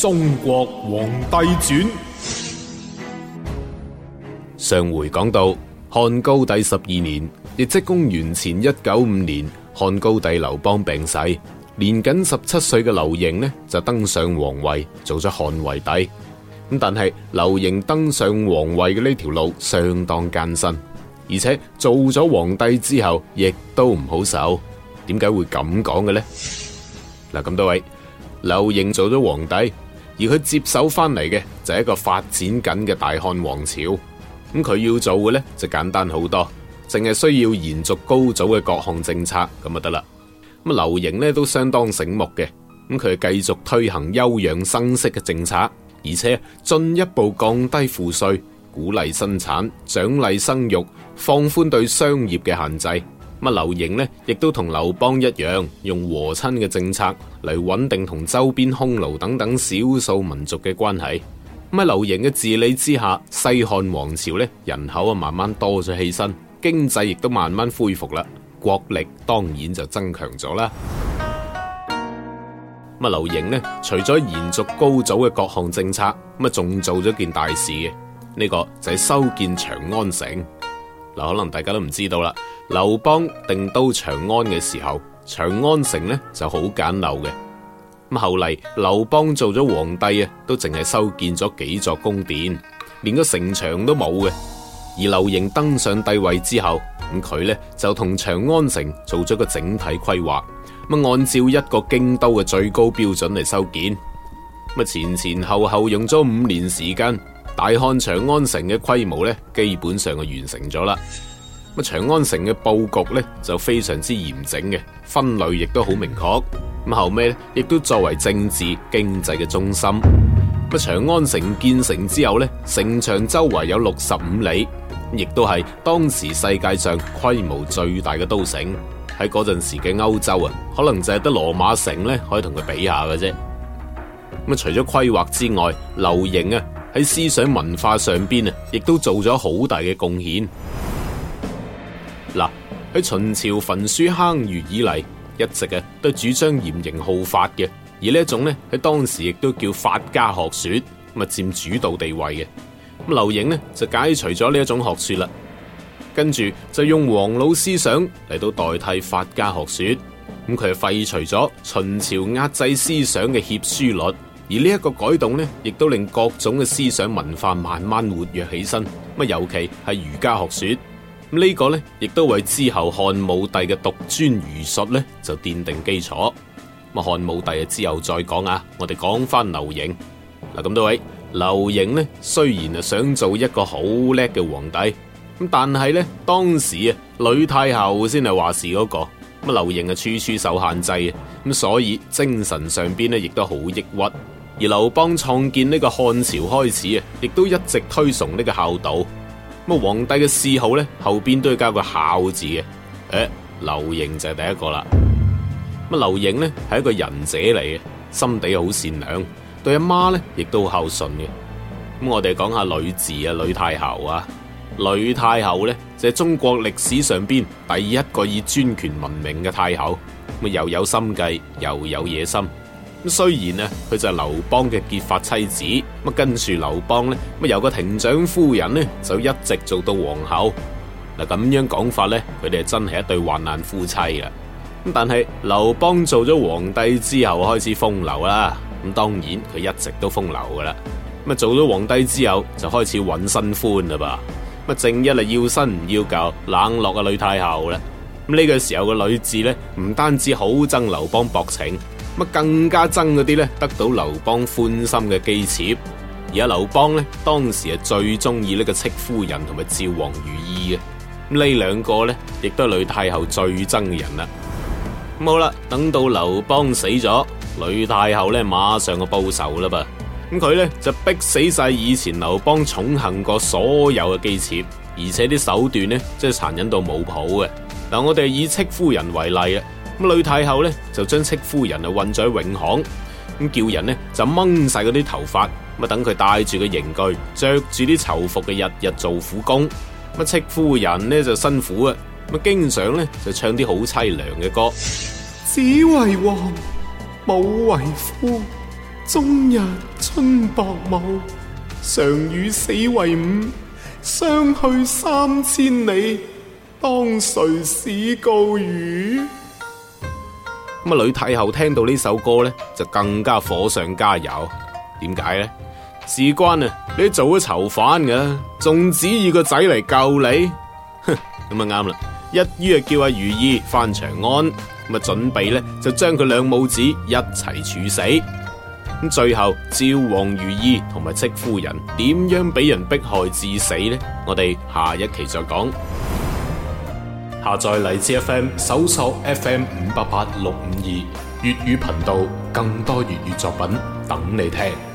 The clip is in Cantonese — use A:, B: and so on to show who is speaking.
A: 中國皇帝傳，上回講到漢高帝十二年，亦即公元前一九五年，漢高帝劉邦病逝，年僅十七歲嘅劉盈呢就登上皇位，做咗漢惠帝。咁但係劉盈登上皇位嘅呢條路相當艱辛，而且做咗皇帝之後亦都唔好受。點解會咁講嘅呢？嗱，咁多位劉盈做咗皇帝。而佢接手翻嚟嘅就係一個發展緊嘅大漢王朝，咁佢要做嘅呢，就簡單好多，淨係需要延續高祖嘅各項政策咁就得啦。咁劉盈呢都相當醒目嘅，咁佢繼續推行休養生息嘅政策，而且進一步降低賦稅，鼓勵生產，獎勵生育，放寬對商業嘅限制。乜劉盈呢亦都同劉邦一樣，用和親嘅政策嚟穩定同周邊匈奴等等少數民族嘅關係。咁喺劉盈嘅治理之下，西漢王朝呢人口啊慢慢多咗起身，經濟亦都慢慢恢復啦，國力當然就增強咗啦。咁劉盈呢除咗延續高祖嘅各項政策，咁仲做咗件大事嘅，呢個就係修建長安城。嗱，可能大家都唔知道啦。劉邦定都長安嘅時候，長安城呢就好簡陋嘅。咁後嚟劉邦做咗皇帝啊，都淨係修建咗幾座宮殿，連個城牆都冇嘅。而劉盈登上帝位之後，咁佢呢就同長安城做咗個整體規劃，咁按照一個京都嘅最高標準嚟修建，咁前前後後用咗五年時間。大漢長安城嘅規模咧，基本上就完成咗啦。咁長安城嘅布局咧就非常之嚴整，嘅，分類亦都好明確。咁後尾咧，亦都作為政治經濟嘅中心。咁長安城建成之後咧，城牆周圍有六十五里，亦都係當時世界上規模最大嘅都城。喺嗰陣時嘅歐洲啊，可能就係得羅馬城咧可以同佢比下嘅啫。咁除咗規劃之外，樓型啊。喺思想文化上邊啊，亦都做咗好大嘅貢獻。嗱，喺秦朝焚書坑儒以嚟，一直啊都是主張嚴刑好法嘅，而呢一種咧喺當時亦都叫法家學說，咁啊佔主導地位嘅。咁劉盈咧就解除咗呢一種學說啦，跟住就用黃老思想嚟到代替法家學說，咁佢廢除咗秦朝壓制思想嘅挾書律。而呢一個改動呢，亦都令各種嘅思想文化慢慢活躍起身。咁尤其係儒家學說。咁、這、呢個呢，亦都為之後漢武帝嘅獨尊儒術呢，就奠定基礎。咁漢武帝啊之後再講啊，我哋講翻劉盈。嗱，咁多位劉盈呢，雖然啊想做一個好叻嘅皇帝，咁但係呢，當時啊呂太后先係話事嗰、那個，咁啊劉盈啊處處受限制啊，咁所以精神上邊呢，亦都好抑鬱。而劉邦創建呢個漢朝開始啊，亦都一直推崇呢個孝道。咁皇帝嘅諡號呢，後邊都要加個孝字嘅。誒、哎，劉盈就係第一個啦。咁啊，劉盈咧係一個仁者嚟嘅，心地好善良，對阿媽呢，亦都好孝順嘅。咁我哋講一下呂字啊，呂太后啊，呂太后呢，就係、是、中國歷史上邊第一個以專權聞名嘅太后，咁又有心計又有野心。咁雖然啊，佢就係劉邦嘅結髮妻子，乜跟住劉邦咧，乜由個亭長夫人咧就一直做到皇后。嗱咁樣講法咧，佢哋真係一對患難夫妻啊！但係劉邦做咗皇帝之後開始風流啦，咁當然佢一直都風流噶啦。咁做咗皇帝之後就開始揾新歡啦噃。咁正一啊要新唔要舊，冷落嘅呂太后啦。咁、這、呢個時候嘅呂雉咧唔單止好憎劉邦薄情。更加憎嗰啲咧，得到劉邦歡心嘅姬妾。而阿劉邦咧，當時係最中意呢個戚夫人同埋趙王如意嘅。咁呢兩個咧，亦都係呂太后最憎嘅人啦。好啦，等到劉邦死咗，呂太后呢馬上個報仇啦噃。咁佢呢就逼死晒以前劉邦寵幸過所有嘅姬妾，而且啲手段呢即係殘忍到冇譜嘅。嗱，我哋以戚夫人為例啊。咁呂太后咧就將戚夫人運咗喺永巷，咁叫人呢就掹晒嗰啲頭髮，咁等佢戴住個刑具，着住啲囚服嘅，日日做苦工。乜戚夫人呢就辛苦啊，咁經常呢就唱啲好淒涼嘅歌。子為王，母為夫，終日春薄暮，常與死為伍，相去三千里，當誰使告語？咁啊，呂太后聽到呢首歌咧，就更加火上加油。點解咧？事關啊，你做咗囚犯噶，仲指意個仔嚟救你？哼，咁啊啱啦，一於叫啊叫阿如意翻長安，咁啊準備咧就將佢兩母子一齊處死。咁最後趙王如意同埋戚夫人點樣俾人迫害致死咧？我哋下一期再講。下載荔枝 FM，蒐索 FM 五八八六五二，粵語頻道，更多粵語作品等你聽。